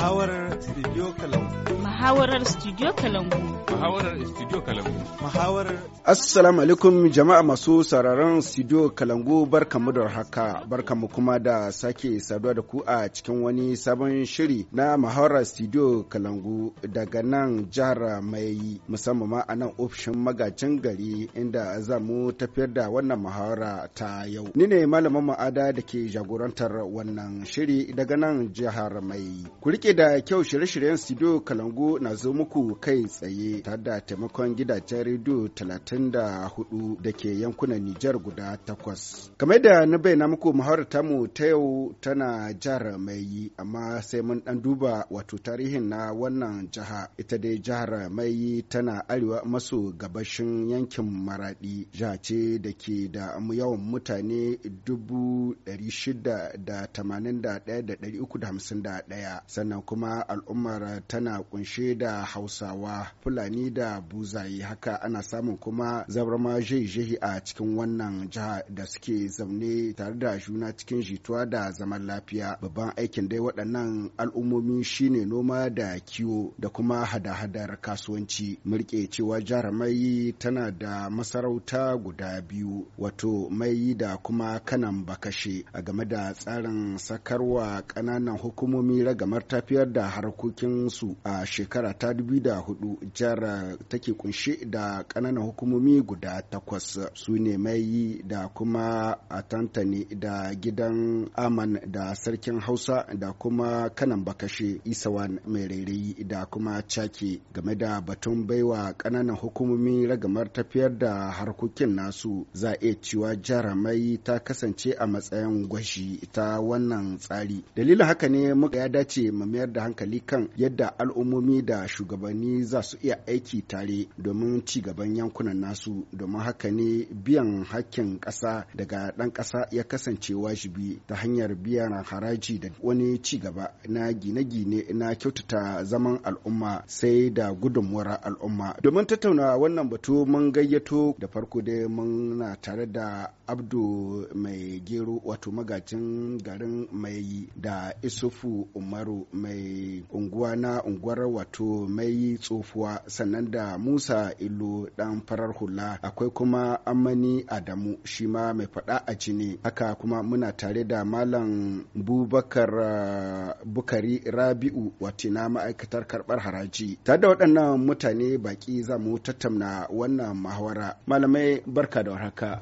Muhawarar Studio Kalangu. Muhawarar Studio Kalangu. Muhawarar Studio Kalangu. Muhawarar Assalamu alaikum jama'a masu sararin Studio Kalangu barkamu da haka barkamu kuma da sake saduwa da ku a cikin wani sabon shiri na Muhawarar Studio Kalangu daga nan jihar Mai musamman ma a nan ofishin magajin gari inda za mu tafiyar da wannan muhawara ta yau. Ni ne malamin ma'ada da ke jagorantar wannan shiri daga nan jihar Mai. Ku rike rike da kyau shirye-shiryen studio kalangu na zo muku kai tsaye tare da taimakon gidajen rediyo 34 da ke yankunan Nijar guda takwas. Kamar da na bayyana muku muhawar mu ta yau tana jihar mai yi amma sai mun dan duba wato tarihin na wannan jiha ita dai jihar mai yi tana arewa maso gabashin yankin maradi jiha ce da ke da yawan mutane 681,351 sannan sannan kuma al'ummar tana kunshe da hausawa fulani da buzayi haka ana samun kuma zabrama jehi a cikin wannan jiha da suke zaune tare da juna cikin jituwa da zaman lafiya babban aikin dai waɗannan al'ummomi shine noma da kiwo da kuma hada-hadar kasuwanci mulke cewa jihar mai tana da masarauta guda biyu wato mai da kuma kanan bakashe a game da tsarin sakarwa ƙananan hukumomi ragamar tafiyar da harkokinsu a shekara ta hudu jihar take kunshe da ƙananan hukumomi guda takwas su ne mai da kuma atantane da gidan aman da sarkin hausa da kuma kanan bakashe isawan mai rairayi da kuma cake game da batun baiwa ƙananan hukumomi ragamar tafiyar da harkokin nasu za iya cewa jihar mai ta kasance a matsayin gwashi ta wannan tsari dalilin haka ne muka ya dace mayar da hankali kan yadda al'ummomi da shugabanni za su iya aiki tare domin ci gaban yankunan nasu domin haka ne biyan hakkin ƙasa daga ɗan ƙasa ya kasance wajibi ta hanyar biyan haraji da wani ci gaba na gine-gine na kyautata zaman al'umma sai da gudunmuwar al'umma domin tattauna wannan batu mun gayyato da farko dai muna tare da abdu mai gero wato magajin garin mai da isufu umaru mai unguwa na unguwar wato mai tsofuwa sannan da musa ilo dan farar hula akwai kuma amani adamu shi ma mai fada a jini haka kuma muna tare da malam bubakar ah, bukari rabi'u wato na ma'aikatar karɓar haraji tare da waɗannan mutane baƙi za mu tattauna wannan mahawara, malamai barka da warhaka.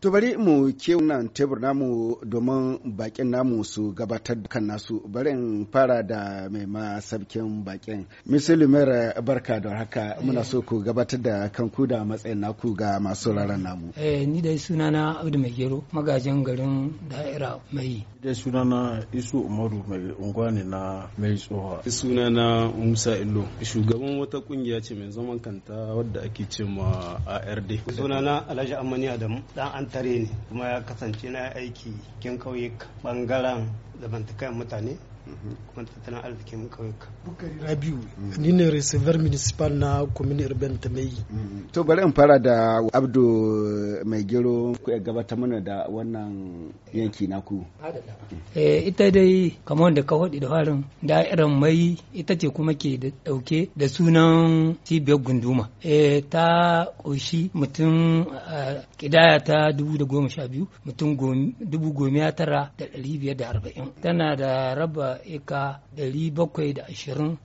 To bari mu nan tebur namu domin bakin namu su gabatar kan nasu bari in fara da mai ma sabkin bakin. Misali mera barka da haka muna so ku gabatar da kanku da matsayin naku ga masu raran namu. Eh ni dai sunana Abdu Mai Gero magajin garin da'ira mai. Dai sunana Isu Umaru mai unguwani na mai tsoha. Sunana Musa Illo shugaban wata kungiya ce mai zaman kanta wadda ake ce ma ARD. Sunana Alhaji Amani Adamu dan tare ne kuma ya kasance na aiki kin kauye bangaren zamantakan mutane kuma da tattalin arzikin ƙauyuka. Bukari Rabiu ni ne receiver municipal na commune urban ta mai. To bari in fara da Abdu Mai Gero ku gabata mana da wannan yanki naku. Eh, ita dai kamar da ka faɗi da farin da'irar mai ita ce kuma ke da ɗauke da sunan cibiyar gunduma. Eh, ta ƙoshi mutum kidaya eh, ta dubu da goma sha biyu mutum dubu goma tara da ɗari biyar da arba'in tana da raba da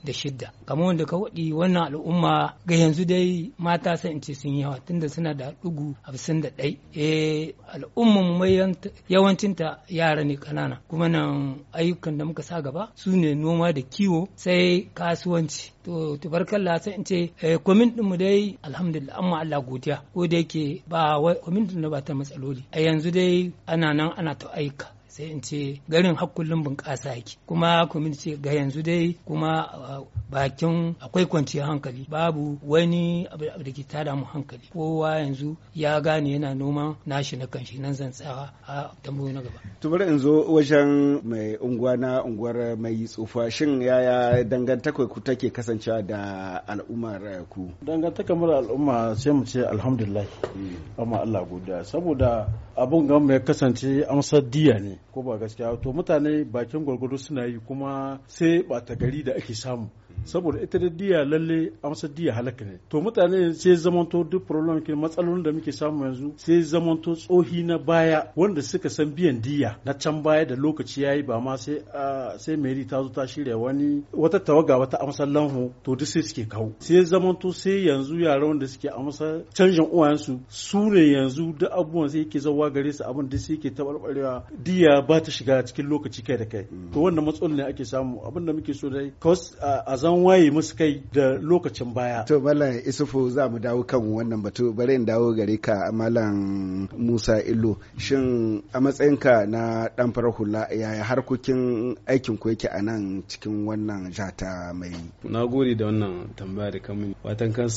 da shida kamar wanda ka waɗi wannan al'umma ga yanzu dai mata sai in ce sun yawa tunda suna da ɗugu da ɗai eh al'umman mai yawancinta yara ne ƙanana kuma nan ayyukan da muka sa gaba su ne noma da kiwo sai kasuwanci to tubarkalla sai in ce eh, kwamin ɗinmu dai alhamdulillah amma Allah godiya ko da yake ba kwamin ɗin ba ta matsaloli a yanzu dai ana nan ana ta aika sai in ce garin har bunƙasa yake kuma ce ga yanzu dai kuma uh, bakin akwai kwanciyar hankali babu wani abu da ke tada mu hankali kowa yanzu ya gane yana noma nashi na kanshi nan zan tsawa a tambayo na gaba to in zo wajen mai unguwa na unguwar mai tsufa shin yaya dangantakar ku take kasancewa da al'ummar ku dangantakar mu al'umma sai mu ce alhamdulillah hmm. amma Allah godiya saboda abun gan mai kasance amsar diya ne ko ba gaskiya to mutane bakin gwargwado suna yi kuma sai ta gari da ake samu saboda ita da diya lalle amsa diya halaka ne to mutane sai zamanto duk problem ke matsalolin da muke samu yanzu sai zamanto tsohi na baya wanda suka san biyan diya na can baya da lokaci yayi ba ma sai sai meri ta zo ta shirya wani wata tawaga wata amsar lanhu to duk sai suke kawo sai zamanto sai yanzu yara wanda suke amsa canjin uwayensu su ne yanzu duk abubuwan sai yake zawa gare su abin da sai yake tabarbarewa diya ba ta shiga cikin lokaci kai da kai to wannan matsalolin ne ake samu abin da muke so dai cause a zan waye musu kai da lokacin baya. To Malam Isufu za mu dawo kan wannan batu bari in dawo gare ka Malam Musa Illo shin a matsayinka na dan farar hula yaya harkokin aikin ku yake a nan cikin wannan jata mai. Na gode da wannan tambaya da kamun watan kan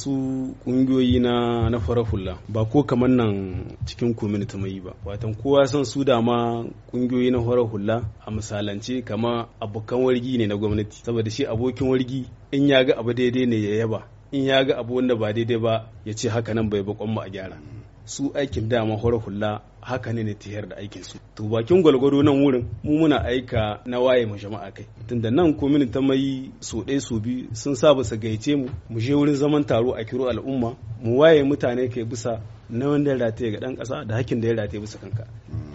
kungiyoyi na na farar ba ko kamar nan cikin community mai ba watan kowa san su dama kungiyoyi na farar hula a misalance kamar abokan wargi ne na gwamnati saboda shi abokin wargi sarki in ya ga abu daidai ne ya yaba in ya ga abu wanda ba daidai ba ya ce haka nan bai bakon mu a gyara su aikin dama hura hula haka ne ne tiyar da aikin su to bakin gwalgwado nan wurin mu muna aika na waye mu jama'a kai tunda nan komini ta mai so ɗaya so biyu sun sa bisa gaice mu mu je wurin zaman taro a kiro al'umma mu waye mutane kai bisa na wanda ya rataye ga ɗan ƙasa da hakin da ya rataye bisa kanka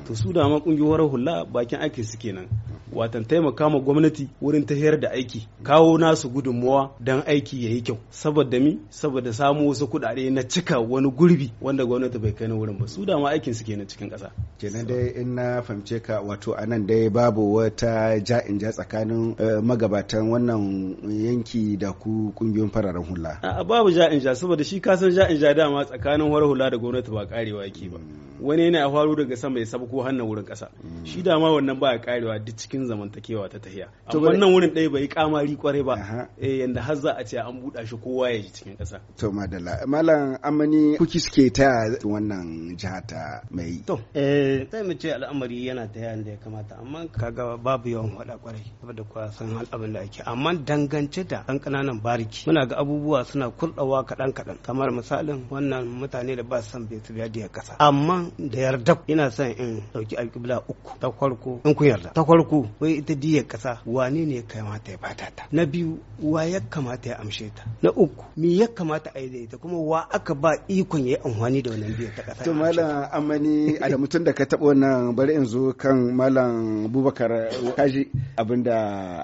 to su dama ƙungiyoyin hula bakin aikin su kenan watan taimaka ma gwamnati wurin ta da aiki kawo nasu gudunmuwa don aiki ya yi kyau saboda mi saboda samu wasu kuɗaɗe na cika wani gurbi wanda gwamnati bai kai na wurin ba su dama aikin su kenan cikin ƙasa kenan dai in na fahimce ka wato anan dai babu wata ja in ja tsakanin eh, magabatan wannan yanki da ku kungiyoyin fararen hula a babu ja in ja saboda shi kasan ja in ja dama tsakanin farar hula da gwamnati ba karewa yake ba mm. wani yana faru daga sama ya sabko hannun wurin kasa mm. shi dama wannan ba ya karewa duk cikin cikin zamantakewa ta tahiya to wannan wurin ɗaya bai kamari kwarai ba eh yanda har za a ce an buɗa shi kowa ya ji cikin ƙasa to madalla malam amani kuki suke ta wannan jiha ta mai to eh sai mu ce al'amari yana ta yanda ya kamata amma kaga babu yawan faɗa kwarai saboda kwa san abin da ake amma dangance da ɗan kananan bariki muna ga abubuwa suna kurɗawa kaɗan kaɗan kamar misalin wannan mutane da ba su san bai su biya kasa. ƙasa amma da yarda ina son in ɗauki alƙibla uku ta farko in ku yarda ta farko wai ita diyar ƙasa wane ne ya kamata ya bata ta na biyu wa ya kamata ya amshe ta na uku me ya kamata a yi da ita kuma wa aka ba ikon ya yi amfani da wannan biyar ta ƙasa to malam amani a da mutum da ka taɓa wannan bari in zo kan malam bubakar kaji abinda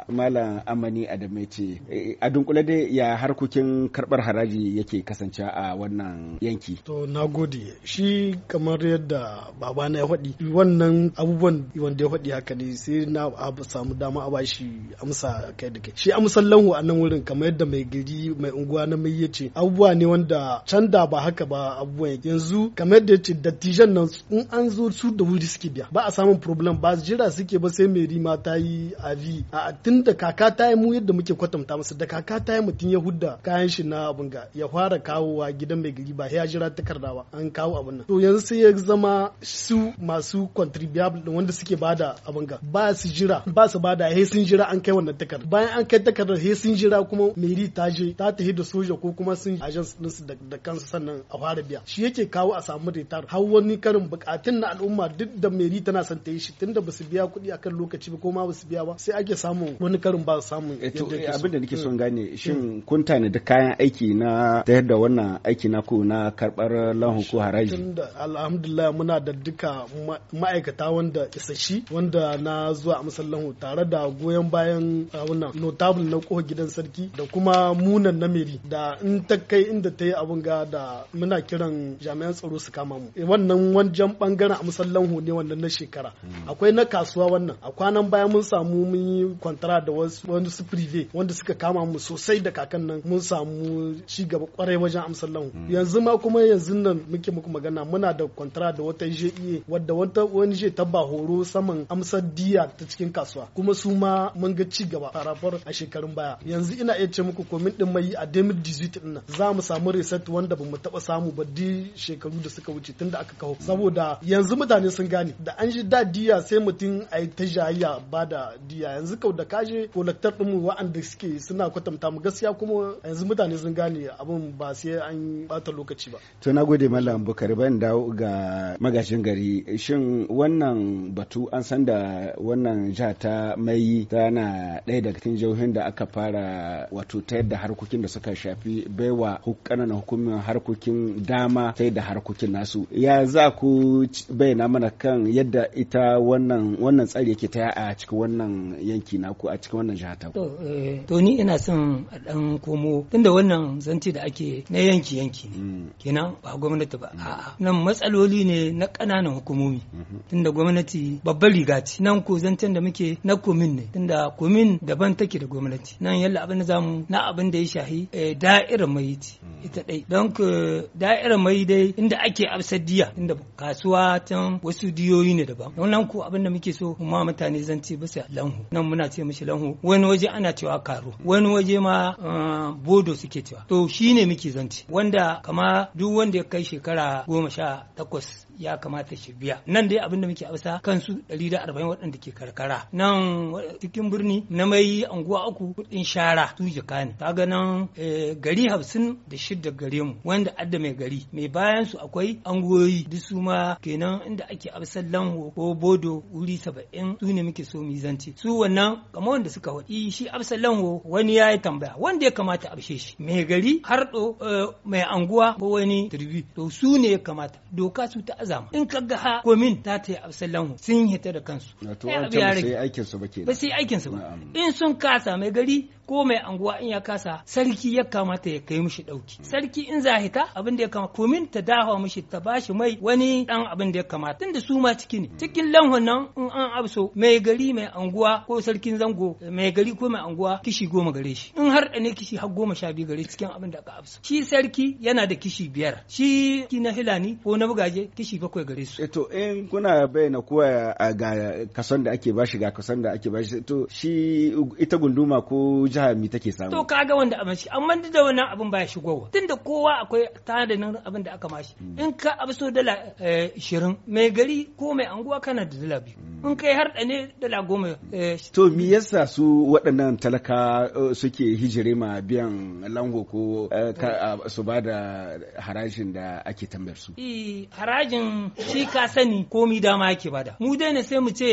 malam amani ce eh, a dunkule dai ya harkokin karɓar haraji yake kasance a wannan yanki to na gode shi kamar yadda babana ya faɗi wannan abubuwan wanda ya faɗi haka ne sai na a samu dama a bashi amsa kai da kai shi amsan lanhu a nan wurin kamar yadda mai gari mai unguwa na mai yace abubuwa ne wanda can da ba haka ba abubuwan yanzu kamar yadda yace dattijan nan in an zo su da wuri suke biya ba a samun problem ba jira suke ba sai mai ma ta yi avi a tun da kaka ta yi mu yadda muke kwatanta musu da kaka ta yi mutum ya hudda kayan shi na abin ga ya fara kawowa gidan mai gari ba ya jira takarda ba an kawo abin nan to yanzu sai ya zama su masu contribuable wanda suke bada abin ga ba su jira ba su bada he sun jira an kai wannan takardar bayan an kai takardar he sun jira kuma meri ta je ta tafi da soja ko kuma sun agents din su da kansu sannan a fara biya shi yake kawo a samu retar har wani karin bukatun na al'umma duk da meri tana son ta yi shi tunda ba su biya kuɗi akan lokaci ba ko ma ba su biya ba sai ake samun wani karin ba su samu eh, eh, abin da nake son hmm. gane shin hmm. kun da kayan aiki na ta yadda wannan aiki na ku na karɓar lahun ko haraji alhamdulillah muna da duka ma'aikata wanda shi wanda na zuwa musallahu tare da goyon bayan wannan notable na kohon gidan sarki da kuma munan namiri da in ta kai inda ta yi abin ga da muna kiran jami'an tsaro su kama mu e, wannan wajen bangaren a musallahu ne wannan na shekara hmm. akwai na kasuwa wannan a kwanan baya mun samu mun yi kwantara da wani su prive wanda suka kama mu sosai da kakan nan mun samu ci gaba kwarai wajen amsallahu hmm. yanzu ma kuma yanzu nan muke muku magana muna da kwantara da wata je wadda wata wani je ta ba horo saman amsar diya ta cikin kasuwa kuma su ma mun ga ci gaba a a shekarun baya yanzu ina iya ce muku komin din mai a 2018 din nan za mu samu reset wanda ba mu taba samu ba di shekaru da suka wuce tunda aka kawo saboda yanzu mutane sun gane da an ji da diya sai mutum a yi ta jayayya ba da diya yanzu kau da kaje kolaktar din mu wa'anda suke suna kwatanta mu gaskiya kuma yanzu mutane sun gane abin ba sai an bata lokaci ba to na gode mallam bukari ban dawo ga magashin gari shin wannan batu an san da wannan jiha ta mai tana ɗaya daga cikin jihohin da aka fara wato ta yadda harkokin da suka shafi baiwa ƙananan hukumin harkokin dama ta yadda harkokin nasu ya za ku bayyana mana kan yadda ita wannan wannan tsari yake ta a cikin wannan yanki naku a cikin wannan jiha ta eh, to ni ina son a dan komo tunda wannan zanci da ake na yanki yanki ne mm. kenan ba gwamnati ba mm. a'a nan matsaloli ne na ƙananan hukumomi mm-hmm. tunda gwamnati babbar riga ce nan ko zancen da muke na komin ne tunda komin daban take da gwamnati nan yalla abin da zamu na abin da ya shahi eh, da'irar mai ita dai don da'irar mai dai inda ake absadiya inda kasuwa can wasu diyoyi ne daban don nan ko abin da muke so ma mutane zan ce bisa lanhu nan muna ce mishi lanhu wani waje ana cewa karo wani waje ma eh, bodo suke cewa to shine muke zance wanda kama duk wanda ya kai shekara goma sha takwas ya kamata shi biya nan dai abin da muke amsa kansu 140 waɗanda ke karkara nan eh, cikin birni na mai anguwa uku kudin shara su jika ne kaga nan eh, gari hamsin da shidda gare mu wanda adda mai gari mai bayan su akwai angoyi duk su ma kenan inda ake amsar lanho ko bodo wuri saba'in su ne muke so mu su wannan kamar wanda suka wadi shi amsar lanho wani ya yi tambaya wanda ya kamata amshe shi mai gari do eh, mai anguwa ko wani turbi to su ne ya kamata doka su ta azama in ka ga ha komin ta ta yi absalanhu sun hita da kansu sai aikin su ba ba sai yi ba in sun kasa mai gari ko mai anguwa in ya kasa sarki ya kamata ya kai mishi dauki sarki in zahita hita abin da ya kamata komin ta dawo mishi ta bashi mai wani dan abin da ya kamata tunda su ma ciki ne cikin lanhon nan in an abso mai gari mai anguwa ko sarkin zango mai gari ko mai anguwa kishi goma gare shi in har ne kishi har goma sha biyu gare cikin abin da aka abso shi sarki yana da kishi biyar shi ki na hilani ko na bugaje kishi bakwai gare su eto eh in kuna bayyana kowa ga kason da ake bashi ga kason da ake bashi to shi ita gunduma ko jihar mi take samu to kaga wanda abin shi amma da wannan abin baya shigowa tunda kowa akwai tanadin abin da aka mashi hmm. in ka abso dala 20 eh, mai gari ko mai anguwa kana da dala biyu hmm. in kai har da ne dala goma eh, to mi yasa su waɗannan talaka eh, suke hijire ma biyan lango ko su ba da harajin da ake tambayar su harajin shi ka sani komi dama yake bada mu dai ne sai mu ce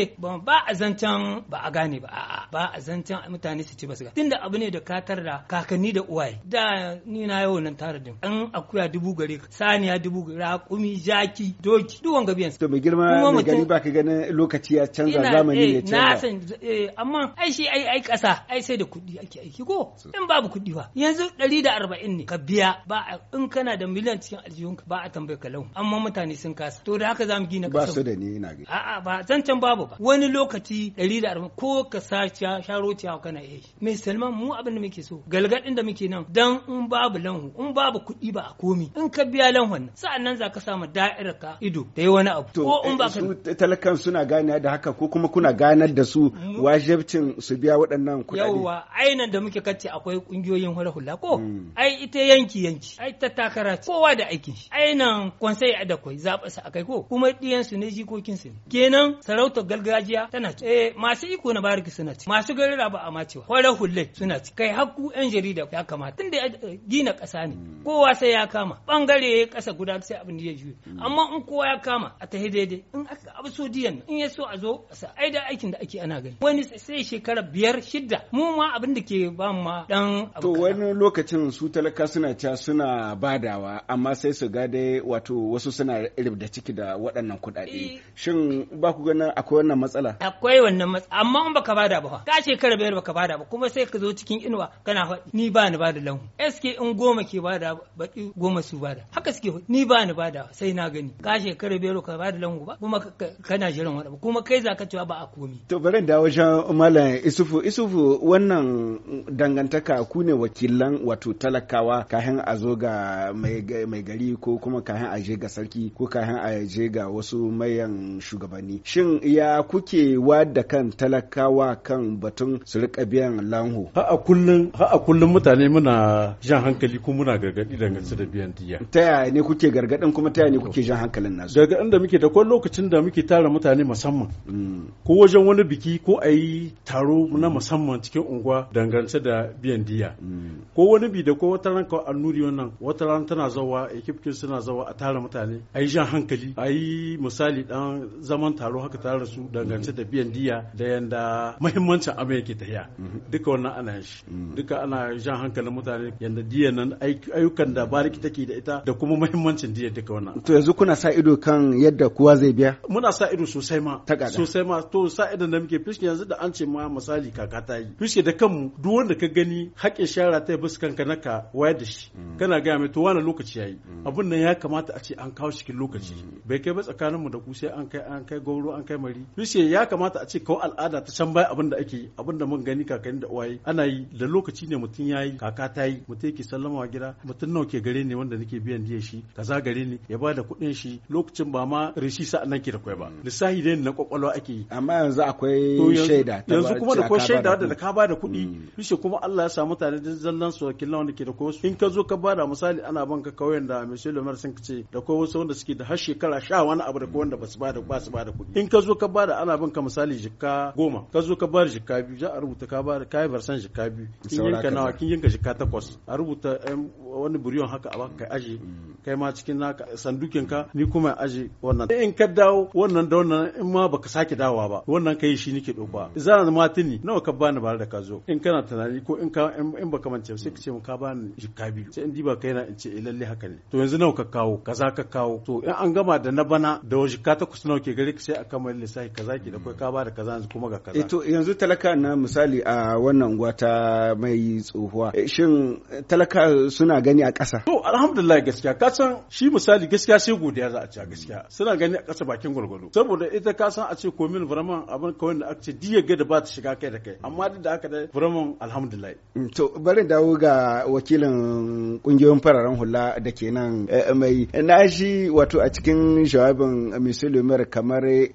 ba a zancen ba a gane ba a ba a zancen mutane su ci ba su ga tunda kila abu ne da katar da kakanni da uwaye da ni na yau nan tara din an akuya dubu gare ka saniya dubu kumi jaki doki duk wanga biyan to mai girma mai gari ka ganin lokaci ya canza zamani ya eh, canza na san eh, amma ai shi ai ai kasa ai sai da kuɗi ake aiki ko in babu kuɗi ba yanzu 140 ne ka biya ba in kana da miliyan cikin aljihunka ba a tambaye ka launi amma mutane sun kasa to da haka mu gina kasa ba su da ni ina gani a'a ba zancan babu ba wani lokaci 140 ko ka sa sharo ciyawa kana yi mai salma amma mu abin da muke so galgadin da muke nan dan in babu lanhu in babu kuɗi ba a komi in ka biya lanhu nan nan za ka samu da'irar ka ido da yi wani abu ko in ba eh, ka talakan suna gane da haka ko kuma kuna ganar da su wajibcin su biya waɗannan kuɗaɗe yawa ainan da muke kace akwai kungiyoyin hula hula ko hmm. ai ita yanki yanki ai ta takara kowa da aikin shi ainan konsai da kai zaba su akai ko kuma diyan su ne jikokin su kenan sarautar galgajiya tana eh masu iko na bariki suna ci masu garira ba a macewa hula hulle suna ci kai hakku yan jarida ya kamata tun tunda eh, gina ƙasa ne kowa sai ya kama bangare ya ƙasa guda sai abin da ya juye amma in kowa ya kama a ta daidai in aka abu so diyan in ya so a zo sa ai da aikin da ake ana gani wani sai shekara biyar shidda mu ma abin da ke ba ma dan to wani lokacin su talaka suna ca suna badawa amma sai su ga dai wato wasu suna da ciki da waɗannan kuɗaɗe eh. shin ba ku ganin akwai wannan matsala akwai wannan matsala amma in baka bada ba ka shekara biyar baka bada ba kuma sai ka zo zo cikin inuwa kana faɗi ni ba ni bada lahu eske in goma ke bada baki goma su bada haka suke ni ba ni bada sai na gani ka shekara bero ka bada lahu ba kuma kana jiran wani kuma kai za cewa ba a komi to bari da wajen malam isufu isufu wannan dangantaka ku ne wakilan wato talakawa kahin a zo ga mai gari ko kuma kahin a je ga sarki ko kahin a je ga wasu mayan shugabanni shin ya kuke wada kan talakawa kan batun su rika biyan lanhu ha a kullum ha a mutane muna jan hankali kuma muna gargadi dangance da biyan diya ta yaya ne kuke gargadin kuma ta yaya ne kuke jan hankalin nasu gargadin da muke da kwan lokacin da muke tara mutane musamman mm. ko wajen wani biki ko a yi taro na musamman cikin unguwa dangance da biyan diya mm. ko wani bi da ko wata ran ka annuri wannan wata ran tana zawa ekipkin suna zawa a tara mutane a yi jan hankali a yi misali dan zaman taro haka tare da su dangance da biyan diya da yanda muhimmancin abin yake tafiya mm-hmm. duka wannan ana shi mm. duka ana jan hankalin mutane yanda diyan nan ayyukan da bariki take da ita da kuma muhimmancin diya duka wannan to yanzu kuna sa ido kan yadda kowa zai biya muna sa ido sosai ma sosai ma to sa idan da muke fiske yanzu da an ce ma misali kaka ta yi fiske da kanmu duk wanda ka gani haƙƙin shara ta yi kanka na ka waya da shi mm. kana gaya mai to wani lokaci yayi mm. abun nan ya kamata a ce an kawo cikin lokaci bai kai ba tsakanin mu da ku sai an kai an kai gauro an kai mari fiske ya kamata a ce ko al'ada ta can baya abin da ake abin da mun gani kakanni da uwaye ana yi da lokaci ne mutum ya yi kaka ta yi mutum yake sallama wa gida mutum nawa ke gare ni wanda nake biyan diya shi kaza gare ni ya bada kuɗin shi lokacin ba ma rishi sa nan ke da kwai ba mm. lissahi ne na kwakwalwa ake yi amma yanzu akwai shaida yanzu kuma da kwai shaida da ka bada kuɗi bishe mm. kuma Allah ya sa mutane da zallan su wakilan wanda ke da kwai in ka zo ka bada misali ana banka kauyen da Monsieur Lomar sun ce da kwai wasu wanda suke da har shekara sha wani abu da wanda ba su bada ba su bada kuɗi in ka zo ka bada ana banka misali jikka goma ka zo ka bada jikka biyu za a rubuta ka bada kai barsan san shika biyu kin yanka nawa kin yanka shika takwas a rubuta wani buriyon haka a baka kai aji mm. kai ma cikin naka sandukin ka ni kuma aji wannan in ka dawo wannan da wannan in ma baka sake dawowa ba wannan kai shi nake dauka mm. zan ma tuni nawa ka bani bare da ka zo in kana tunani ko in ka in baka mance sai ka ce mu ka bani shika biyu sai in diba kai na in ce eh, lalle haka ne to yanzu nawa ka kawo kaza ka kawo to in an gama da na bana da shika takwas nawa ke gare ka sai a kammala lissafi kaza ki da kai ka bada kaza yanzu kuma ga kaza eh to yanzu talaka na misali a wannan unguwa ta mai tsohuwa eh, shin talaka suna gani a ƙasa to alhamdulillah gaskiya ka san shi misali gaskiya sai godiya za a ci gaskiya suna gani a ƙasa bakin gwargwado saboda ita ka san a ce komin vraiment abin kawai da aka ce diya ga da ba ta shiga kai da kai amma duk da haka da vraiment alhamdulillah mm, to bari dawo ga wakilin kungiyoyin fararen hula da ke nan eh, mai na shi wato a cikin jawabin misali umar kamar eh,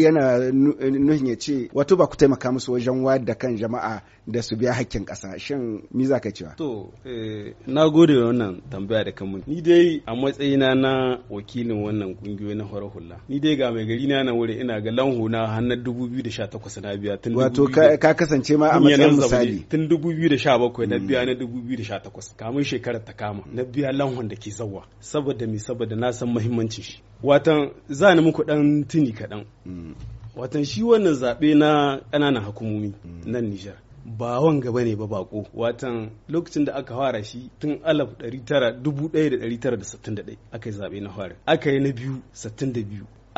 yana nuhin ya ce wato ba ku taimaka musu wajen wayar da kan jama'a jama'a da su biya hakkin ƙasa shin mi za ka cewa to eh, na gode wa wannan tambaya da kamun ni dai a matsayina na wakilin wannan kungiyoyi na horar hula ni dai ga mai gari na wuri ina ga lanhu na hannar 2018 na biya tun wato ka kasance ma a matsayin misali tun 2017 na mm. biya na 2018 kamun shekarar ta kama na biya lanhun da ke zawa saboda mi saboda na san muhimmancin shi watan za ni muku dan tuni kaɗan mm. watan shi wannan zaɓe na ƙananan hukumomi hmm. nan nijar ba wanga ne ba bako watan lokacin da aka fara shi tun 1961 aka yi zaɓe na fara aka yi na biyu 62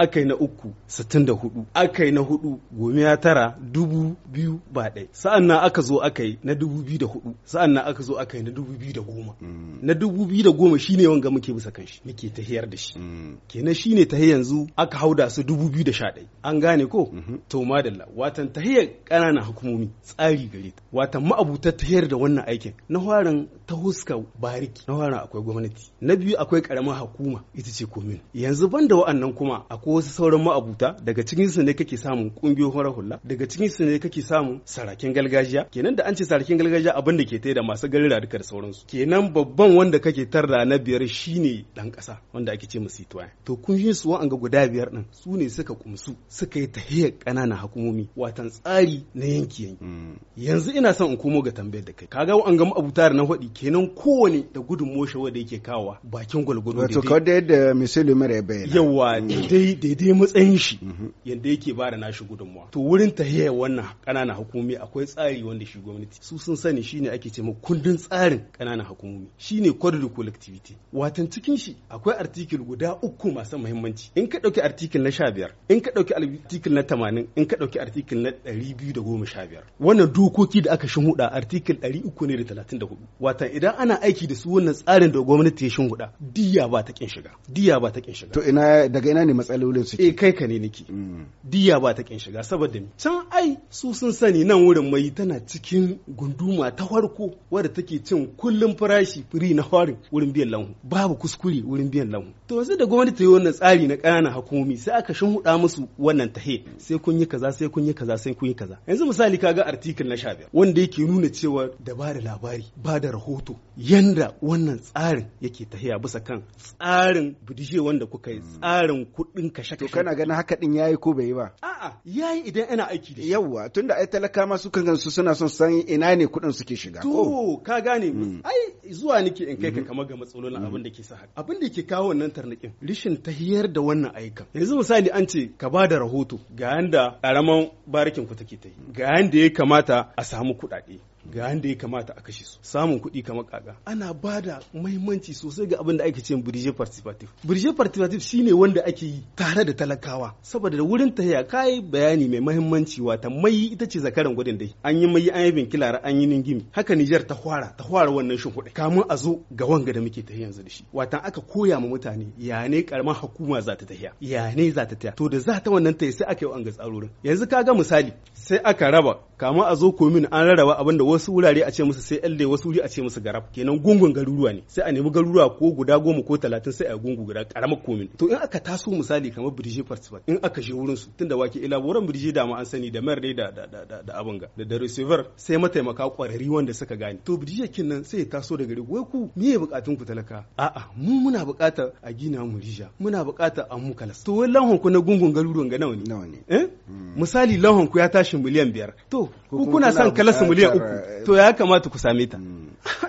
Akai na uku sittin da hudu Akai na hudu gomiya tara dubu biyu ba ɗai sa'an nan aka zo aka na dubu biyu da hudu sa'an nan aka zo aka na dubu biyu da goma mm. na dubu biyu da goma shine wanga muke bisa kanshi? muke tahiyar da shi mm. kenan shine ta yanzu aka hauda su dubu biyu da sha ɗai an gane ko mm-hmm. to madalla watan tahiyar ƙananan hukumomi tsari gare ta watan ma'abutar tahiyar da wannan aikin na farin ta huska bariki na farin akwai gwamnati na biyu akwai ƙaramin hukuma ita ce komin yanzu banda wa'annan kuma akwai ko wasu sauran ma'abuta daga cikin su ne kake samun kungiyoyin horar hula daga cikin su ne kake samun sarakin gargajiya kenan da an ce sarakin gargajiya abin da ke tai da masu garin da da sauransu kenan babban wanda kake tarda na biyar shine dan kasa wanda ake ce musu situwaye to kungiyoyin su wa'anga guda biyar din su ne suka kumsu suka yi tahiyar ƙananan hukumomi watan tsari na yanki yanki mm. yanzu ina son in komo ga tambayar da kai kaga wa'anga ma'abuta da na hudi kenan kowane da gudun moshe wanda yake kawa bakin gwalgwado wato kawai da yadda misali mara bayyana yawa mm. dai daidai matsayin shi mhm. yadda yake ba da nashi gudunmuwa to wurin ta tahiyar wannan ƙananan hukumomi akwai tsari wanda shi gwamnati su sun sani shine ake ce ma kundin tsarin ƙananan hukumomi shine code of collectivity watan cikin shi akwai article guda uku masu muhimmanci in ka dauki article na 15 in ka dauki article na 80 in ka dauki article na 215 wannan dokoki da aka shinhuda article 334 watan idan ana aiki da su wannan tsarin da gwamnati ya shinhuda diya ba ta kin shiga diya ba ta kin shiga to ina daga ina ne matsayin matsalolin su eh, kai ka ne niki mm. diya ba ta kin shiga saboda can ai su sun sani nan wurin mai tana cikin gunduma ta farko wadda take cin kullum farashi firi na farin wurin biyan lanhu babu kuskure wurin biyan lanhu to yanzu da gwamnati ta yi wannan tsari na ƙananan hukumomi sai aka shimhuda musu wannan tahe sai kun yi kaza sai kun yi kaza sai kun yi kaza yanzu misali kaga article na 15 wanda yake nuna cewa da ba da labari ba da rahoto yanda wannan tsarin yake tahiya bisa kan tsarin budije wanda kuka yi tsarin kuɗin kashe kashe to kana ganin haka din yayi ko bai yi ba a'a yayi idan ana aiki da shi Yawwa, tunda ai talaka ma su kan su suna son san ina ne kuɗin suke shiga to ka gane mm. ai zuwa nake in kai ka mm-hmm. kamar ga matsalolin mm-hmm. abin da ke sa haka abin da ke kawo wannan tarnakin rishin tahiyar da wannan aikan yanzu misali an ce ka ba da rahoto ga yanda karaman barikin ku take ta yi ga yanda ya kamata a samu kuɗaɗe ga yanda ya kamata a kashe su samun kuɗi kamar kaka ana ba da muhimmanci sosai ga abin da ake ce birje participative birje participative shine wanda ake yi tare da talakawa saboda da wurin ta ya kai bayani mai muhimmanci wata mai ita ce zakaran gudun dai an yi mai an yi binkilara an yi gimi. haka Nijar ta fara ta fara wannan kuɗi kamun a zo ga wanga da muke ta yanzu da shi wata aka koya ma mutane ya ne karamar hukuma za ta tahiya ya ne za ta tahiya to da za ta wannan ta sai aka yi an ga tsarorin yanzu kaga misali sai aka raba kamun a zo komin an rarraba abin da wasu wurare a ce musu sai elle wasu wuri a ce musu garab kenan gungun garuruwa ne sai a nemi garuruwa ko guda goma ko talatin sai a gungu guda karamar komin to in aka taso misali kamar birje participant in aka je wurin su tunda wake wurin birje da ma an sani da mayar da da da abin ga da receiver sai mataimaka kwararri wanda suka gane to birje kin nan sai ya taso daga gare wai ku me bukatun ku talaka a'a mu muna bukatar a gina mu rija muna bukatar a mu kalas to wai lanhon ku na gungun garuruwan ga nawa ne nawa ne eh? hmm. misali lanhon ku ya tashi miliyan biyar to ku kuna son kalas miliyan uku to ya kamata ku same ta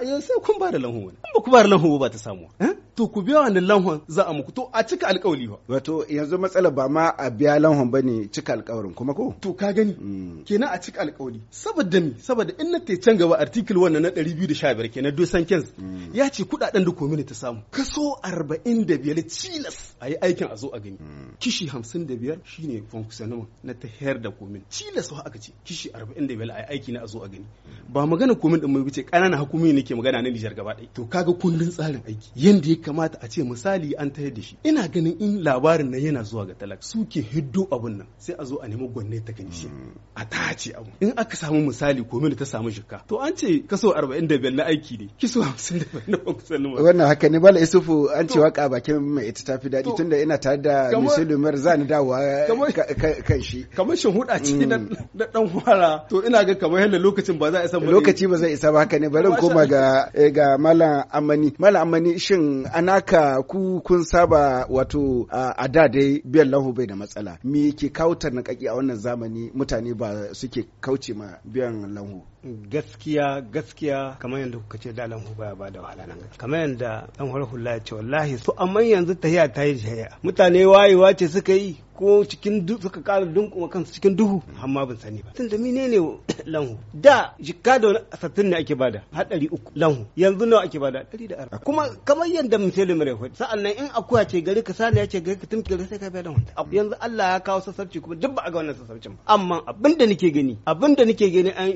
yanzu sai kun ba da lanhon wani ba ku ba da lanhon ba ta samu eh? to ku biya wani lanhon za a muku to a cika alkawari ba wato yanzu matsala ba ma a biya lanhon ba ne cika alkawarin kuma ko to ka gani mm. kenan a cika alkawari. saboda ni saboda in na ta can gaba article wannan na 215 kenan dusan kens mm. ya ce kudaden da komini ta samu kaso 45 cilas a yi aikin a zo a gani mm. kishi 55 shine fonkusanuwa na ta da komini cilas wa aka ce kishi 45 a yi aiki na a zo a gani ba magana komai din mai wuce ƙananan hukumi ne ke magana na Nijar gaba ɗaya to kaga kundin tsarin aiki yanda ya kamata a ce misali an tayar da shi ina ganin in labarin nan yana zuwa ga talak suke hiddo abun nan sai a zo a nemi gwanne ta shi a tace abu in aka samu misali komin ta samu shikka to an ce kaso 45 na aiki ne kiso 55 na kusan wannan haka ne bala isufu an ce waka bakin mai ita tafi daɗi tunda ina tare da lumar zan dawo kan shi kamar shin huda ce mm. na dan fara to ina ga kamar yadda lokacin ba za a lokaci eh. ba zai isa ba haka ne bari koma ga eh, ga malam amani malam amani shin anaka ku kun saba wato a da dai biyan lahu bai da matsala me ke kawo tarnaƙaƙi a wannan zamani mutane ba suke kauce ma biyan lahu gaskiya gaskiya kamar yadda kuka ce da alan baya ba da wahala nan kamar yadda dan har ya ce wallahi su amma yanzu tahiya ta yi shahiya mutane wayewa ce suka yi ko cikin suka kara dunkuma kansu cikin duhu amma ban sani ba da mine ne lanhu da jikka da satin ne ake bada har ɗari uku lanhu yanzu nawa ake bada ɗari da arba kuma kamar yadda misali mai hudu sa'an nan in akuya ce gari ka sani ya ce gari ka tumke sai ka biya wanda yanzu Allah ya kawo sassarci kuma duk ba a ga wannan sassarcin ba amma abinda nake gani abinda nake gani an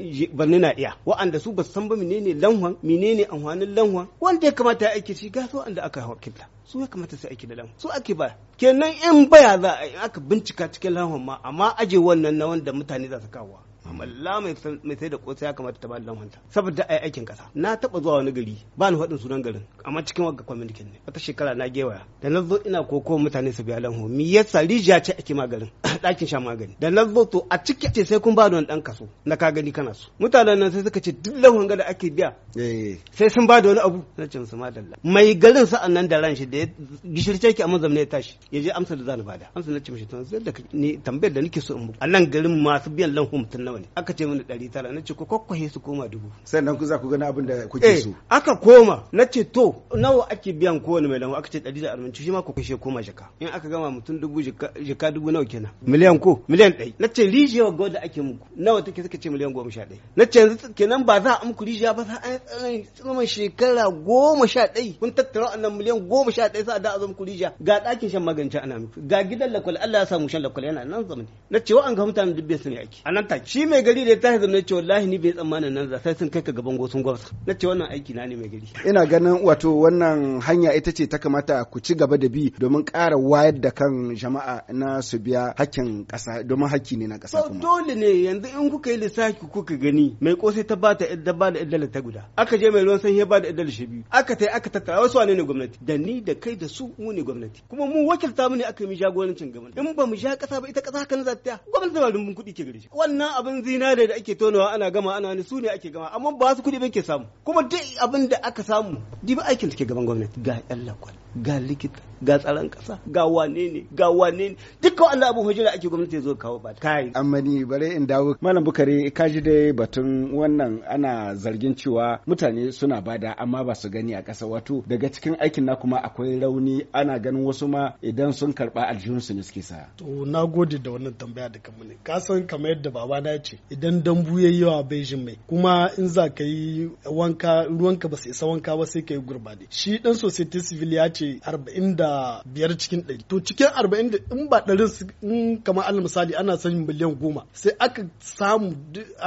sani na iya wa'anda su ba su san ba menene lanwan menene amfanin lanwan wanda ya kamata aiki shi ga su wanda aka wakilta su ya kamata su aiki da lanwan su ake ba kenan in baya za a yi aka bincika cikin lanwan ma amma aje wannan na wanda mutane za su kawo malla mai sai da kosa ya kamata ta bada lamhanta saboda ai aikin kasa na taba zuwa wani gari ba ni faɗin sunan garin amma cikin wagga kwamitin ne wata shekara na gewaya da na zo ina koko mutane su biya lamhu mi yasa rijiya ce ake ma garin ɗakin sha magani da to a ciki ce sai kun ba da wani ɗan kaso na ka gani kana so mutanen nan sai suka ce duk lahon da ake biya eh. sai sun ba da wani abu na ce musu madalla mai garin sa'an nan da ran shi da ya gishirce ki a mazamne ya tashi ya je amsa da zan bada amsa na ce mishi to da ni tambayar da nake so in muku a nan garin masu biyan lahon mutum nawa ne aka ce mini ɗari tara na ce ku kwakwahe su koma dubu sannan ku za ku gani abin da kuke eh, so aka koma na ce to nawa ake biyan kowane mai lahon aka ce ɗari da arba'in shi ma ku kashe koma jaka in aka gama mutum dubu jika dubu nawa kenan miliyan ko miliyan ɗai na ce rijiyar ga da ake muku nawa take suka ce miliyan goma sha ɗai na ce yanzu kenan ba za a amku rijiya ba za a yi tsawon shekara goma sha ɗai kun tattara wannan miliyan goma sha ɗai sa a da a zo muku rijiya ga ɗakin shan magance ana muku ga gidan lakwal Allah ya samu shan lakwal yana nan zamani na ce an ga mutanen duk bai sani ake a nan ta shi mai gari da ya tashi zamani ce wallahi ni bai tsammanin nan za sai sun kai ka gaban gosun gwamnati na ce wannan aiki na ne mai gari ina ganin wato wannan hanya ita ce ta kamata ku ci gaba da bi domin ƙara wayar da kan jama'a na su biya hakkin kan kasa domin hakki ne na kasa kuma dole ne yanzu in kuka yi lissafi kuka gani mai kosai ta ba ta ba da iddala ta guda aka je mai ruwan sanyi ba da iddala shi biyu aka ta, aka tattara wasu wane ne gwamnati da ni da kai da su mu ne gwamnati kuma mu wakilta mu ne aka yi jagorancin gwamnati in ba mu sha kasa ba ita kasa haka za ta gwamnati ba rumbun kuɗi ke gare wannan abin zinare da ake tonawa ana gama ana wani su ne ake gama amma ba su kuɗi ba ke samu kuma duk abin da aka samu dibi aikin take gaban gwamnati ga yan kwal ga likita ga tsaron kasa ga wane ne ga wane ne duka wannan abun hujjira ake gwamnati zo kawo ba kai amani bare in dawo malam bukari kaji dai batun wannan ana zargin cewa mutane suna bada amma ba su gani a kasa wato daga cikin aikin na kuma akwai rauni ana ganin wasu ma idan sun karba aljihun su ne suke sa to na gode da wannan tambaya da kamar ka san kamar yadda baba na ce idan dambu yayi yawa bejin mai kuma in za ka yi wanka ruwanka ba su isa wanka ba sai ka yi gurbade shi dan society civil ya ce kashe 45 cikin 100 to cikin 40 in ba 100 in kamar alal misali ana sanin miliyan 10 sai aka samu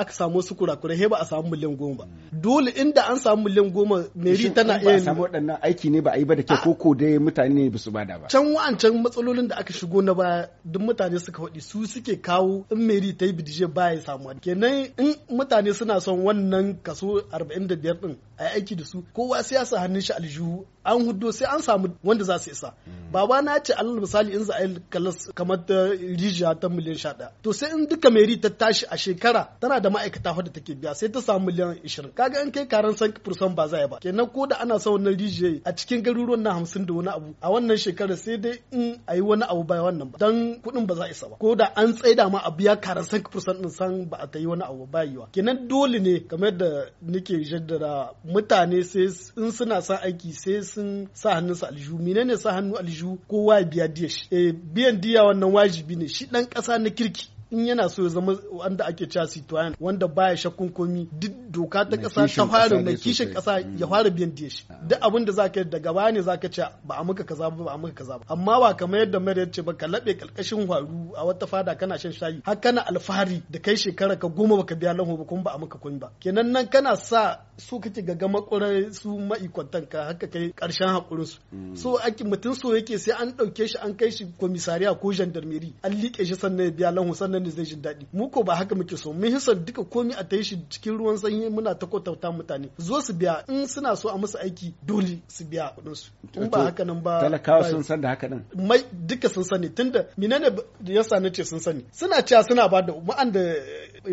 aka samu su kurakurai he ba a samu miliyan 10 ba dole inda an samu miliyan 10 meri tana iya samu wadannan aiki ne ba a yi ba da ke koko dai mutane ne bisu bada ba can wa'ancan matsalolin da aka shigo na baya duk mutane suka faɗi su suke kawo in meri ta yi bidije ba ya samu kenan in mutane suna son wannan kaso 45 din a aiki da su kowa siyasa hannun shi aljihu an hudu sai an samu wanda za su isa hmm. baba na ce alal misali in za a yi kalas kamar da rijiya ta miliyan sha ɗaya to sai in duka meri ta tashi a shekara tana da ma'aikata wadda take biya sai ta samu miliyan ishirin kaga in kai karan san fursan ba za ba kenan ko da ana sa wannan rijiya a cikin garuruwan na hamsin da wani abu a wannan shekara sai dai in a yi wani abu baya wannan ba dan kuɗin ba za a isa ba ko da an tsaida ma a biya karan san fursan din san ba a ta yi wani abu ba yiwa kenan dole ne kamar da nake jaddara mutane sai in suna sa aiki sai sun sa hannunsa aljihu menene sa hannu aljihu kowa ya biya diya shi eh, biyan diya wannan wajibi ne shi dan kasa na kirki in yana so ya zama wanda ake cewa citoyen wanda baya shakkun komi duk doka ta kasa ta fara mai kishin kasa ya mm. fara biyan diya shi ah. duk abin da zaka daga baya ne zaka ce ba a muka kaza ba ba a muka kaza ba amma ba kamar yadda mai ce ba ka labe kalkashin waru a wata fada kana shan shayi har kana alfahari da kai shekara ka goma baka biya lahu ba kuma ba a muka komi ba kenan nan kana sa su kake ga gama su ma'aikatan ka haka kai karshen hakurin su mm. so ake mutum so yake sai an dauke shi an kai shi komisariya ko gendarmerie an liƙe shi sannan ya biya lahu sannan nan ne zai jin daɗi mu ko ba haka muke so mun hisar duka komi a tayi shi cikin ruwan sanyi muna ta kwatauta mutane zo su biya in suna so a musu aiki dole su biya kuɗin su in ba haka nan ba talakawa sun san da haka nan mai duka sun sani tunda menene yasa nace sun sani suna cewa suna ba da ma'an da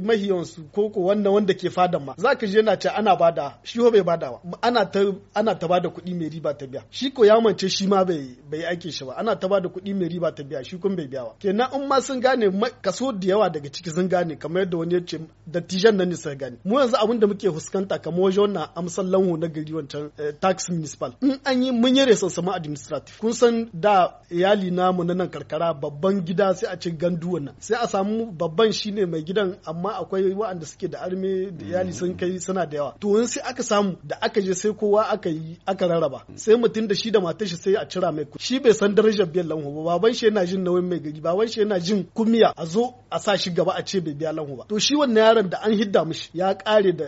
mahiyansu ko ko wanda wanda ke fadan ma za ka je yana ce ana bada shi ho bai bada ba ana ta bada kuɗi mai riba ta biya shi ko ya mance shi ma bai bai aike shi ba ana ta bada kuɗi mai riba ta biya shi kun bai biya ba kenan in ma sun gane kaso da yawa daga ciki sun gane kamar yadda wani ya ce dattijan nan ne sai gane mu yanzu abin da muke fuskanta kamar wajen wannan amsan lanho na gari wancan eh, tax municipal in an yi mun yi resansama administrative kun san da iyali namu na nan karkara babban gida sai a ce gandu wannan sai a samu babban shine mai gidan a amma akwai waɗanda suke da armi da iyali sun mm. kai suna da yawa to sai aka samu da aka je sai kowa aka yi aka rarraba mm. sai mutum da shi da matar shi sai a cira mai kuɗi shi bai san darajar biyan lanhu ba baban shi yana jin nauyin mai gari baban shi yana jin kumiya a zo a sa shi gaba a ce bai biya lanhu ba to shi wannan yaron da an hidda mishi ya kare da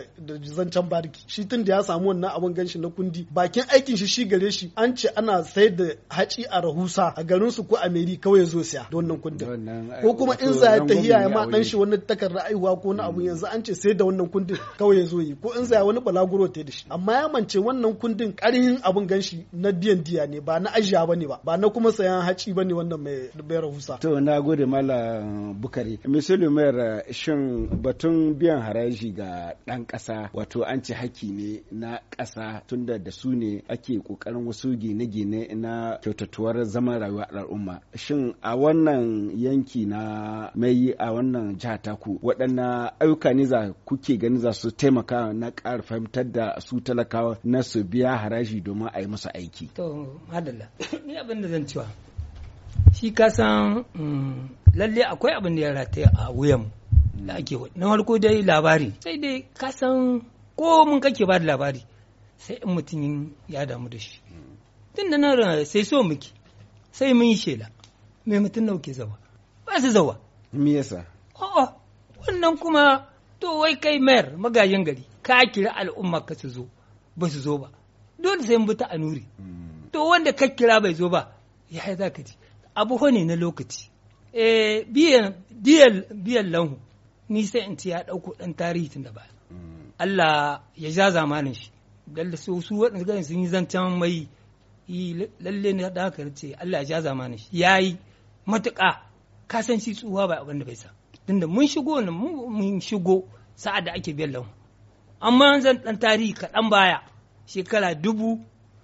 zancen bariki shi tun da ya samu wannan abun ganshi na kundi bakin aikin shi shi gare shi an ce ana sayar da haci a rahusa a garin su ko a meri kawai zo siya da wannan kundin ko kuma in za ta hiyaye ma dan shi wani takarda haihuwa ko na abu yanzu an ce sai da wannan kundin kawai ya zo yi ko in zaya wani balaguro ta da shi amma ya mance wannan kundin karihin abun ganshi na diyan diya ne ba na ajiya bane ba ba na kuma sayan haci bane wannan mai bayar husa to na gode malam bukari misali mayar shin batun biyan haraji ga dan ƙasa wato an ce haki ne na ƙasa tunda da su ne ake kokarin wasu gine-gine na kyautatuwar zaman rayuwa al'umma shin a wannan yanki na mai a wannan jihar taku waɗanne waɗanna ayyuka ne za kuke ganin za su taimaka na ƙara fahimtar da su talakawa na su biya haraji domin a yi musu aiki. To, madalla, ni abin da zan cewa shi ka san mm, lalle akwai abin da ya rataye a wuyan da ake na farko dai labari sai dai ka san ko mun kake ba da labari sai in mutum ya damu da shi tun da nan sai so muke sai mun yi shela mai mutum nauke zawa ba su zawa me yasa oh. sannan kuma to wai kai mayar magajin gari ka kira al'umma ka su zo ba su zo ba dole sai mu ta nuri hmm. to wanda ka kira bai zo ba ya za ka ji abu ne na lokaci eh biyan lanhu ni sai in ce ya ɗauko ɗan tarihi tun da ba hmm. Allah ya ja zamanin shi dalle su su wadanda gani sun yi zancen mai lalle ne da ka ce Allah ya ja zamanin shi yayi matuƙa shi tsuwa ba abin da bai sa tunda mun shigo ne mun shigo sa'ad da ake biyan lahu amma zan dan tarihi kaɗan baya shekara dubu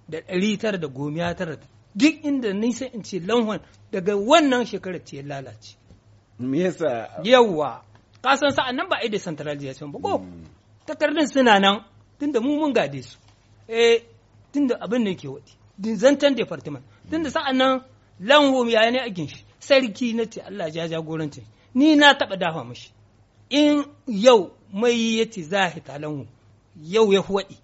da ɗari tara da gomiya tara duk inda nisan in ce lanhon daga wannan shekarar ce lalace me yasa yawa ka san sa'an nan ba a da centralization ba ko mm. takardun suna nan tunda mu mun gade su eh tunda abin ne ke wadi zantan department tunda sa'an nan lanhom ya ne a shi sarki na ce Allah ja jagorancin ni na taɓa dafa mashi in yau mai ya ci hita talanwu yau ya huwaɗi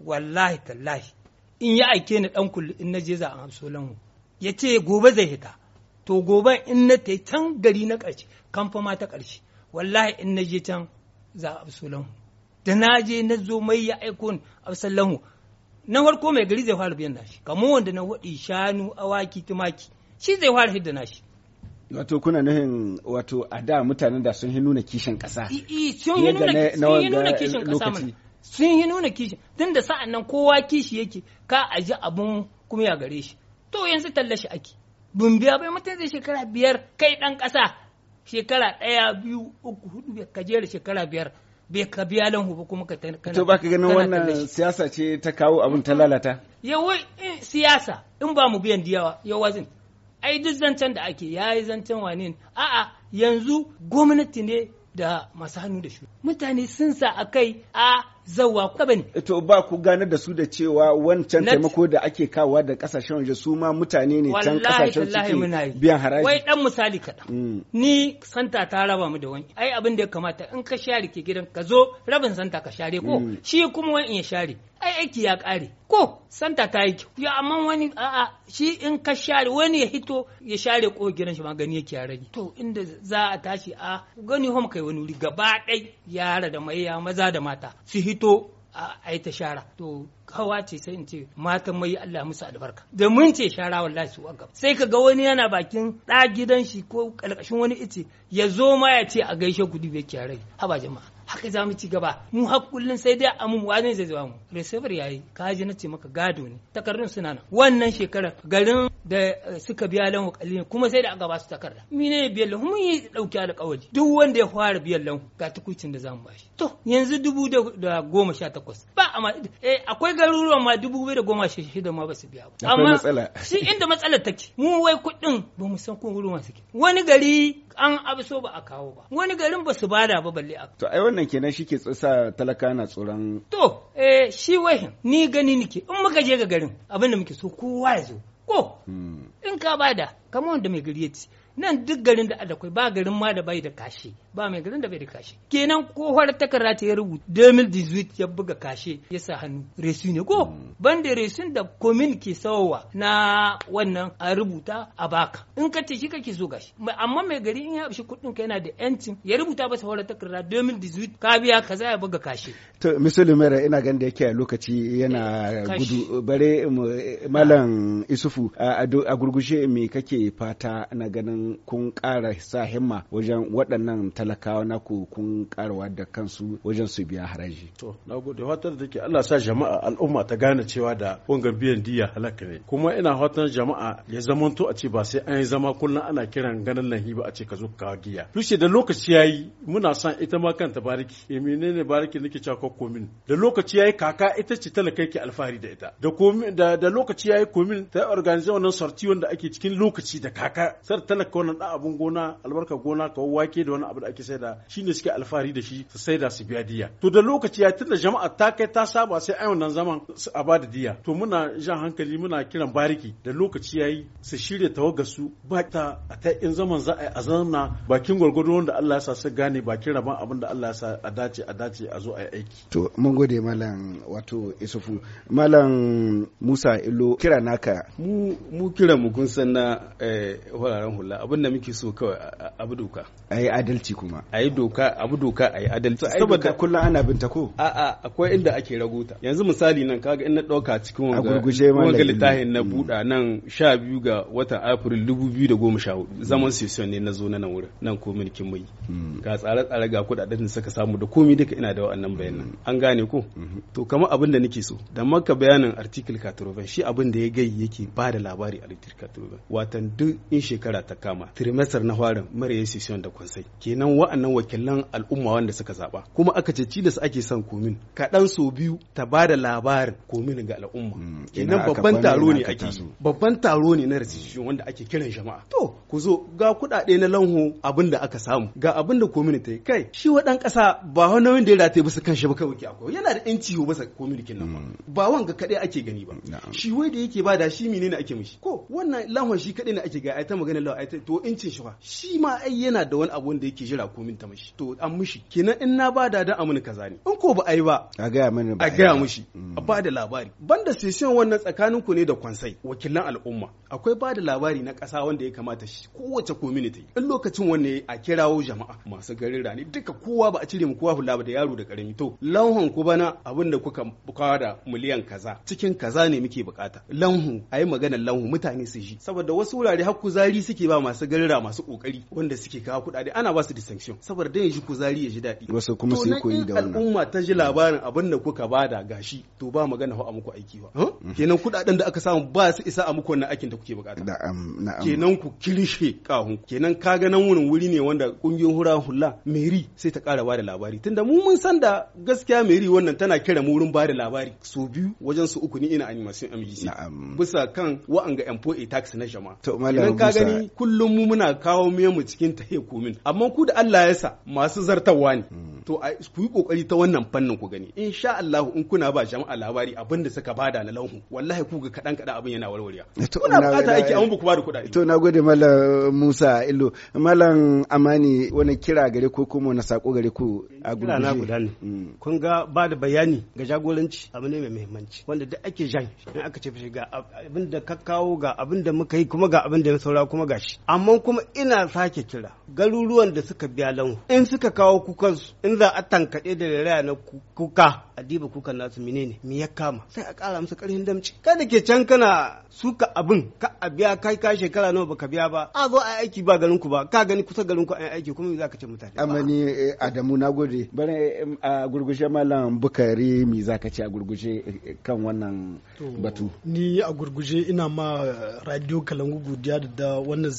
wallahi tallahi in ya aike ni ɗan kulli in na je za a lanwu ya ce gobe zai hita to gobe in na ta can gari na ƙarshe kamfa ma ta ƙarshe wallahi in na je can za a lanwu da na je na zo mai ya aiko ni amsan lanwu na farko mai gari zai fara biyan nashi kamar wanda na waɗi shanu awaki tumaki shi zai fara hidda nashi wato kuna nuhin wato a da mutanen da sun nuna kishin kasa sun yi nuna kishin kasa mana sun yi nuna kishin tun da sa'an nan kowa kishi yake ka ji abun kuma ya gare shi to yanzu shi ake bumbiya bai mutum zai shekara biyar kai dan kasa shekara ɗaya biyu uku hudu ka jera shekara biyar bai ka biya lan hubu kuma ka kana to baka ganin wannan siyasa ce ta kawo abun ta lalata yawa eh, siyasa in ba mu biyan diyawa yawa zin ai duk zancen da ake ya yi zancen wane a'a yanzu gwamnati ne da masu hannu da shi mutane sun sa a kai a zawa kuka bane eh, to ba ku ganar da su da cewa wancan taimako da ake kawo da kasashen waje su ma mutane ne can kasashen suke biyan haraji wai dan misali kaɗan mm. ni santa ta raba mu da wani ai abin da ya kamata in ka share ke gidan ka zo rabin santa ka share ko mm. shi kuma wani ya share ai aiki ya ƙare ko santa ta yi kyau ya amma wani a'a shi in ka share wani ya hito ya share ko gidan shi magani ya yake ya rage to inda za a tashi a gani home kai wani wuri gaba ɗai yara da mai maza da mata su hito a ai ta shara to kawa ce sai in ce mata mai Allah musu albarka da mun ce shara wallahi su gaba sai ka ga wani yana bakin ɗa gidan shi ko ƙarƙashin wani ice ya zo ma ya ce a gaishe ku dube ki rai haba jama'a haka za mu ci gaba mu har kullun sai dai amu wani zai zama mu receiver yayi kaji na ce maka gado ne takardun suna nan wannan shekarar garin da eh, suka biya lan wakali kuma sai da aka ba su takarda mine biyan lan mun yi dauki alƙawari duk wanda ya fara biyan lan ga tukucin da zamu bashi to yanzu dubu da goma sha takwas ba amma eh akwai garuruwan ma dubu da goma sha shida ma ba su biya ba amma shi inda matsalar take mu wai kuɗin ba mu san kun ruwan suke wani gari an abso ba a kawo ba wani garin ba su bada ba balle a to ai wannan kenan shi ke sa talaka na tsoron. To, eh, shi wai ni gani nike in muka je ga garin abin da muke so kowa ya zo. Ko, hmm. in ka bada, kamar wanda mai gari ya ci, nan duk garin da adakwai ba garin ma da bai da kashi. ba mai garin da bai da kashe kenan ko har takarda ta ya rubuta 2018 ya buga kashe ya sa hannu resu ne ko mm. ban da resun da komin ke sawowa na wannan a rubuta a baka in ka ce ka kake so gashi amma mai gari in ya shi kuɗin ka yana da yancin ya rubuta ba sa horar takarda 2018 ka biya kaza ya buga kashe to misali mera ina ganin da yake a lokaci yana eh, gudu bare eh, eh, malam isufu a gurgushe me kake fata na ganin kun kara sa himma wajen waɗannan talakawa na ku kun da kansu wajen su biya haraji to na gode fatar da ke Allah sa jama'a al'umma ta gane cewa da wangar biyan diya halaka ne kuma ina fatan jama'a ya zamanto a ce ba sai an yi zama kullum ana kiran ganin lahi ba a ce ka zo ka giya tushe da lokaci yi muna son ita ma kanta bariki e menene bariki nake cewa ko komin da lokaci yi kaka ita ce talakai ke alfahari da ita da komin da, da lokaci yayi komin ta organize wannan sarti wanda ake cikin lokaci da kaka sar talaka wannan da abun gona albarka gona ka wake da wani abu da ake saida ne suke alfahari da shi su saida su biya diya to da lokaci ya tunda jama'a ta kai ta saba sai ai wannan zaman su a bada diya to muna jan hankali muna kiran bariki da lokaci yi su shirya su ba ta a ta in zaman za a yi a zauna bakin gwargwado wanda Allah ya sa su gane bakin rabon abin da Allah ya sa a dace a dace a zo a yi aiki to mun gode malam wato isufu malam musa ilo kira naka mu mu kira mu kun san na eh, hula abin da muke so kawai abu doka ai adalci ko kuma a yi doka abu doka a yi adalci saboda kullum ana binta ko a akwai inda ake raguta yanzu misali nan kaga in na dauka cikin wanga littafin na mm. buda nan 12 ga watan april 2014 zaman session ne na zo na nan wurin nan ko mulkin mai mm. ga tsare tsare ga kudaden da suka samu da komai duka ina da wa'annan bayanan mm. an gane ko mm-hmm. to kamar abin da nake so da maka bayanin article katrovan shi abin da ya gai yake ba da labari article katrovan watan duk in shekara ta kama trimester na farin mara session da kwansai kenan nan wa'annan wakilan al'umma wanda suka zaba kuma aka ce cidas ake son komin kaɗan so biyu ta ba da labarin komin ga al'umma hmm, kenan babban taro ne ake babban taro ne na rasishin wanda ake kiran jama'a to ku zo ga kuɗaɗe na lanho abin da aka samu ga abin da komin ta yi kai shi wa ɗan ƙasa ba wani wanda ya rataye bisa shi ba kawai akwai yana da ƴanci ba bisa komin kin nan hmm. ba wanga kaɗai ake gani ba shi wai da yake ba da shi ne ake mishi ko wannan lanhon shi kaɗai ne ake ga ai ta magana lawa ai to incin shi fa shi ma ai yana da wani abu wanda yake jira ko min ta mishi to an mishi kenan in na bada da amini kaza ne in ko ba ai ba a gaya mini ba a gaya mishi mm. a bada labari banda session wannan tsakanin ku ne da kwansai wakilan al'umma akwai bada labari na kasa wanda ya kamata shi kowace community in lokacin wanne a kirawo jama'a masu garin rani duka kowa ba a cire mu kowa hula ba da yaro da karami to lanhon ku bana abin da kuka da miliyan kaza cikin kaza ne muke bukata lanhu a yi maganar lanhu mutane su ji saboda wasu wurare har kuzari suke ba masu garira masu kokari wanda suke kawo kudade ana ba su sanction saboda dan yaji ku kuzari ya ji daɗi wasu kuma sai koyi da wannan al'umma ta ji labarin abin da kuka bada gashi to ba magana ho a muku aiki ba mm-hmm. kenan kudaden da aka samu ba su isa a muku wannan aikin da kuke bukata na'am na'am kenan ku kirishe kahun kenan kaga ga nan wurin wuri ne wanda kungiyoyin hura hula meri sai ta kara bada labari tunda mu mun san da gaskiya meri wannan tana kira mu wurin bada labari so biyu wajen su uku ni ina animation MGC bisa kan wa'anga employee tax na jama'a to malam kullum mu muna kawo mu cikin tahe komin amma ku da Allah ya sa masu zartarwa ne hmm. to ku yi kokari ta wannan fannin ku gani insha Allah in kuna ba jama'a labari abin da suka bada na lauhu wallahi ku ga kadan kadan abin yana warwariya. kuna bukata aiki ba ku bada kuɗaɗe to gode malam Musa Illo malam Amani wani kira gare ku kuma na sako gare ku a gudu na guda ne hmm. kun ga ba da bayani ga jagoranci abu ne mai muhimmanci wanda duk ake jan in aka ce fishi ga abin da ka kawo ga abin da muka yi kuma ga abin da ya saura kuma gashi amma kuma ina sake kira garuruwan da suka suka biya lanhu in suka kawo su. in za a tankaɗe da raya na kuka a diba kukan nasu menene me ya kama sai a ƙara musu ƙarfin damci da ke can kana suka abin ka a biya kai ka shekara nawa baka biya ba a zo a aiki ba garin ku ba ka gani kusa garin ku an aiki kuma me ka ce mutane amani eh, adamu nagode bare a gurgushe mallam bukari za zaka ce a gurgushe eh, kan wannan batu ni a gurgushe ina ma radio kalangu godiya da wannan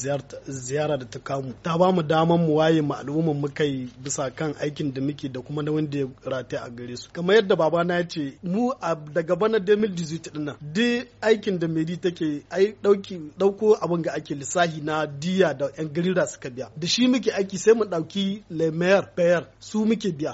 ziyara da ta kamu ta ba mu daman mu waye mu ma al'ummar mu kai bisa kan aikin da muke da kuma nauyin da ya rataya a gare su kamar yadda baba na ce mu a daga bana 2018 din nan duk aikin da meri take ai dauki dauko abin ga ake lissahi na diya da yan garira suka biya da shi muke aiki sai mu dauki mayor bayar su muke biya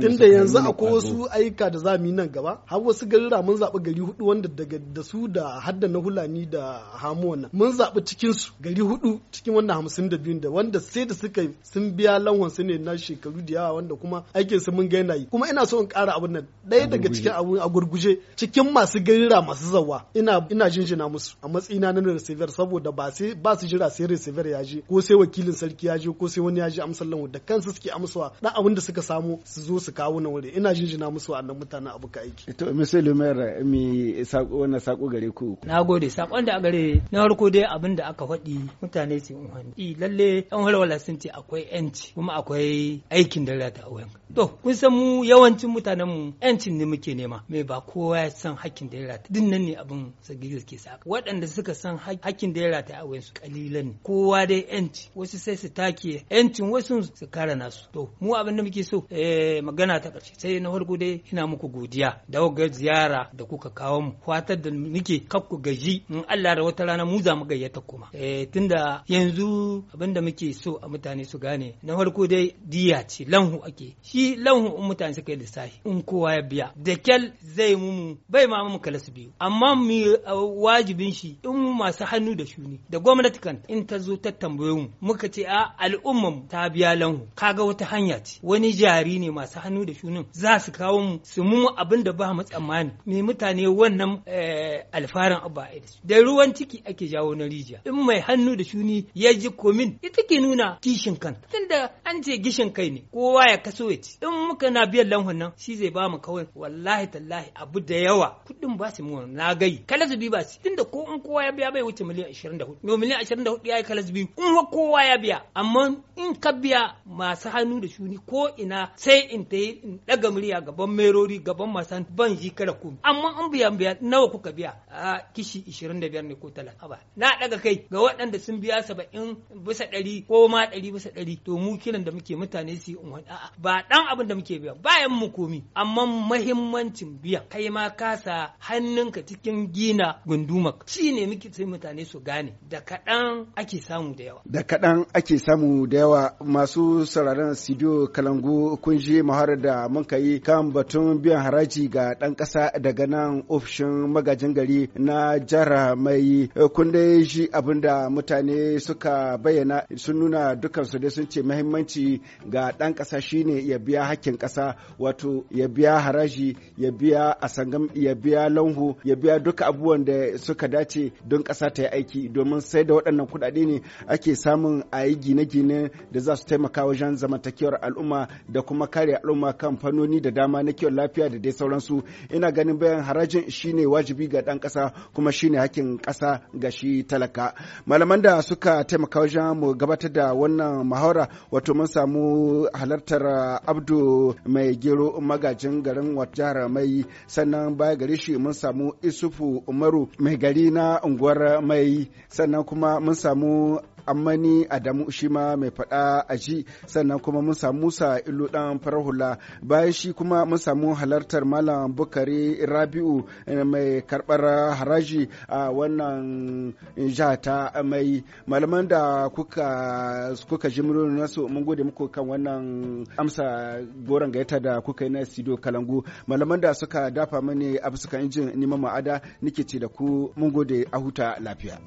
tunda yanzu akwai wasu aika da za mu yi nan gaba har wasu garira mun zaɓi gari hudu wanda daga da su da hadda na hulani da hamu wannan mun zaɓi cikin su gari hudu cikin wannan hamsin da biyun da wanda sai da suka sun biya lawan su ne na shekaru da yawa wanda kuma aikin su mun ga yana yi kuma ina so in ƙara abun nan ɗaya daga cikin abun a gurguje cikin masu garira masu zawa ina ina jinjina musu a matsayina na receiver saboda ba sai ba su jira sai receiver ya je ko sai wakilin sarki ya je ko sai wani ya je amsar lawan da kansu suke amsawa dan abun da suka samu su zo su kawo na wuri ina jinjina musu a nan mutanen abu ka aiki to Mr. Lumer mi sako wannan sako gare ku nagode sakon da a gare na farko dai abin da aka faɗi mutane su in hannu e, lalle an walwala sun ce akwai yanci kuma akwai aikin da rata a wuyan to kun san mu yawancin mutanen mu yancin ne muke nema mai ba kowa ya san hakkin da ya rata din nan ne abin sagiri ke sa waɗanda suka san hakkin da rata a wuyan su kalilan ne kowa dai yanci wasu sai su take yancin wasu su kare nasu to mu abin da muke so eh, magana ta ƙarshe sai na farko dai ina muku godiya da ga ziyara da kuka kawo mu fatar da muke kaf gaji in Allah da wata rana mu za mu gayyata kuma eh, tunda yanzu abin da muke so a mutane su gane ne na farko dai diya ce lanhu ake shi lanhu in mutane suka yi lissafi in kowa ya biya da kyal zai mumu bai ma mu kalasu biyu amma mu wajibin shi in masu hannu da shuni da gwamnati kan in ta zo ta tambaye mu muka ce a mu ta biya lanhu kaga wata hanya ce wani jari ne masu hannu da shunin za su kawo mu su mumu abin da ba mu tsammani me mutane wannan eh, alfaran abba da ruwan ciki ake jawo na rijiya in mai hannu da shuni ya ji komin ita ke nuna kishin kan 真的 an ce gishin kai ne kowa ya kaso ya ci in muka na biyan lamhun nan shi zai ba mu kawai wallahi tallahi abu da yawa kuɗin ba su mu na gai kala zubi ba su tunda ko in kowa ya biya bai wuce miliyan 24 no miliyan 24 yayi kala zubi in kowa ya biya amma in ka biya masu hannu da shuni ko ina sai in ta yi in daga murya gaban merori gaban masan ban ji kada komi. amma in biya biya nawa kuka biya a kishi 25 ne ko 30 haba na daga kai ga waɗanda sun biya 70 bisa 100 ko ma 100 bisa 100 to mu kina kiran da muke mutane su yi unwani a'a ba ɗan abin da muke biya bayan mu komi amma mahimmancin biya kai ma kasa hannunka cikin gina gunduma shi ne muke sai mutane su gane da kaɗan ake samu da yawa da kaɗan ake samu da yawa masu sauraron studio kalangu kun je maharar da mun yi kan batun biyan haraji ga ɗan ƙasa daga nan ofishin magajin gari na jihar mai kun dai shi abin da mutane suka bayyana sun nuna dukansu dai sun ce mahimmanci hukunci ga ɗan ƙasa shine ya biya hakkin ƙasa wato ya biya haraji ya biya asangam ya biya lanhu ya biya duka abubuwan da suka dace don ƙasa ta yi aiki domin sai da waɗannan kuɗaɗe ne ake samun a yi gine-gine da za su taimaka wajen zamantakewar al'umma da kuma kare al'umma kan fannoni da dama na kiwon lafiya da dai sauransu ina ganin bayan harajin shine wajibi ga ɗan ƙasa kuma shine hakkin ƙasa ga shi talaka malaman da suka taimaka wajen mu gabatar da wannan muhawara wato mun samu halartar uh, abdu mai gero magajin garin jihar mai sannan baya gari shi mun samu isufu umaru mai gari na unguwar mai sannan kuma mun samu amma ni Adamu shi ma mai faɗa a ji sannan kuma mun samu Musa Illu ɗan farar hula bayan shi kuma mun samu halartar Malam Bukari Rabi'u eh, mai karɓar haraji a wannan eh, jiha ta mai malaman da kuka kuka ji nasu mun gode muku kan wannan amsa goron gayyata da kuka yi na Sido Kalangu malaman da suka dafa mani abu suka injin neman ma'ada nike ce da ku mun gode a huta lafiya.